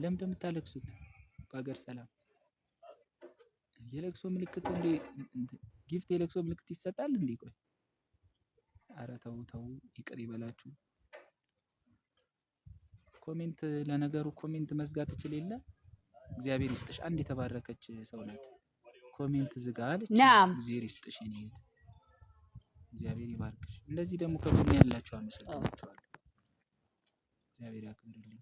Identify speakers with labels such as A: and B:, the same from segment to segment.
A: ለምን እንደምታለቅሱት? በሀገር ሰላም የለቅሶ ምልክት እንዴ ጊፍት የለቅሶ ምልክት ይሰጣል እንዴ? ቆይ አረ ተው ተው፣ ይቅር ይበላችሁ። ኮሜንት ለነገሩ ኮሜንት መዝጋት ትችል የለ እግዚአብሔር ይስጥሽ። አንድ የተባረከች ሰው ናት። ኮሜንት ዝጋ አለች።
B: እግዚአብሔር
A: ይስጥሽ የእኔ እግዚአብሔር ይባርክሽ። እንደዚህ ደግሞ ከጎን ያላችሁ
B: አመሰግናችኋለሁ።
A: እግዚአብሔር ያክብርልኝ።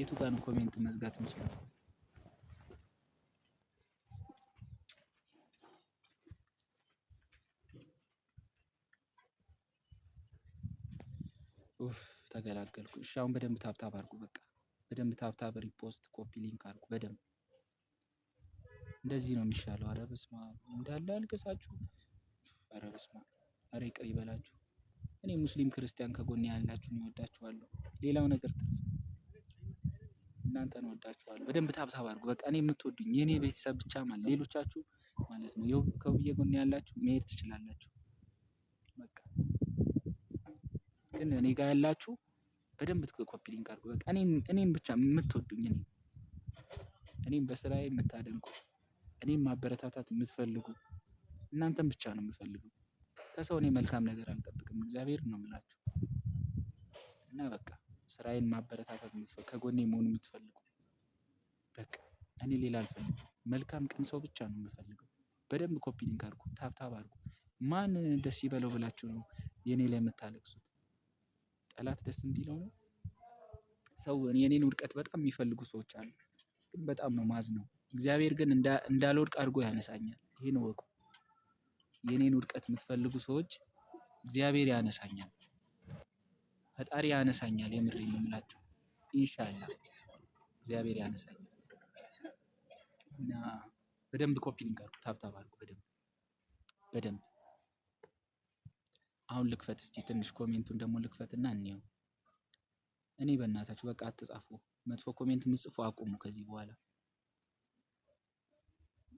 A: የቱ ጋር ነው ኮሜንት መዝጋት የምችለው? ኡፍ ተገላገልኩ። እሺ አሁን በደንብ ታብታብ አድርጉ። በቃ በደንብ ታብታብ፣ ሪፖስት፣ ኮፒ ሊንክ አድርጉ በደንብ እንደዚህ ነው የሚሻለው። አረ በስመ አብ እንዳለ አልቅሳችሁ። አረ በስመ አብ አረ ይቅር ይበላችሁ። እኔ ሙስሊም ክርስቲያን ከጎን ያላችሁን ይወዳችኋለሁ። ሌላው ነገር ትርፍ እናንተን ወዳችኋለሁ። በደንብ ታብታብ አድርጉ። በቃ እኔ የምትወዱኝ የእኔ ቤተሰብ ብቻ ማለት ሌሎቻችሁ ማለት ነው የው ከውዬ ጎን ያላችሁ መሄድ ትችላላችሁ። በቃ ግን እኔ ጋር ያላችሁ በደንብ ኮፒ ሊንክ አድርጉ። በቃ እኔን ብቻ የምትወዱኝ እኔ እኔም በስራዬ የምታደንቁ እኔም ማበረታታት የምትፈልጉ እናንተን ብቻ ነው የምፈልገው። ከሰው እኔ መልካም ነገር አልጠብቅም። እግዚአብሔር ነው የምላችሁ እና በቃ ስራዬን ማበረታታት የምትፈልጉ ከጎኔ መሆን የምትፈልጉ በቃ እኔ ሌላ አልፈልግም። መልካም ቀን ሰው ብቻ ነው የምፈልገው። በደንብ ኮፒ ሊንክ አድርጉ፣ ታብታብ አድርጉ። ማን ደስ ይበለው ብላችሁ ነው የእኔ ላይ የምታለቅሱት? ጠላት ደስ እንዲለው ነው ሰው የእኔን ውድቀት በጣም የሚፈልጉ ሰዎች አሉ። ግን በጣም ነው ማዝ ነው። እግዚአብሔር ግን እንዳልወድቅ አድርጎ ያነሳኛል። ይህን ወቁ። የእኔን ውድቀት የምትፈልጉ ሰዎች እግዚአብሔር ያነሳኛል። ፈጣሪ ያነሳኛል። የምሬ ነው የምላችሁ። ኢንሻአላህ እግዚአብሔር ያነሳኛል እና በደንብ ኮፒ ልንቀርቡ ታብታብ አድርጉ። በደንብ በደንብ አሁን ልክፈት እስቲ ትንሽ ኮሜንቱን ደግሞ ልክፈትና እንየው። እኔ በእናታችሁ በቃ አትጻፉ፣ መጥፎ ኮሜንት ምጽፉ አቁሙ ከዚህ በኋላ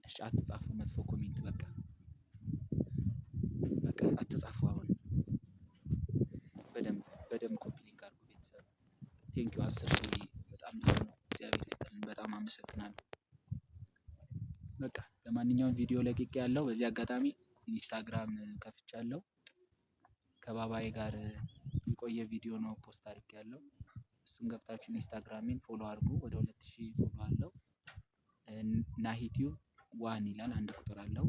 A: እሺ። አትጻፉ መጥፎ ኮሜንት በቃ በቃ አትጻፉ አሁን ቴንኪዩ አስር ሺህ በጣም ብዙ ነው። እግዚአብሔር ይስጥልን። በጣም አመሰግናለሁ። በቃ ለማንኛውም ቪዲዮ ለቅቄ ያለው በዚህ አጋጣሚ ኢንስታግራም ከፍቻለሁ። ከባባዬ ጋር የቆየ ቪዲዮ ነው ፖስት አድርጌ ያለው። እሱን ገብታችሁ ኢንስታግራሜን ፎሎ አድርጉ። ወደ ሁለት ሺህ ፎሎ አለው። ናሂቲው ዋን ይላል አንድ ቁጥር አለው።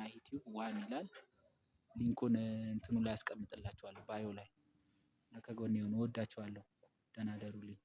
A: ናሂቲዩብ ዋን ይላል። ሊንኩን እንትኑ ላይ ያስቀምጥላችኋለሁ ባዮ ላይ ከጎኔ ሁኑ። እወዳቸዋለሁ። ደህና ደሩልኝ።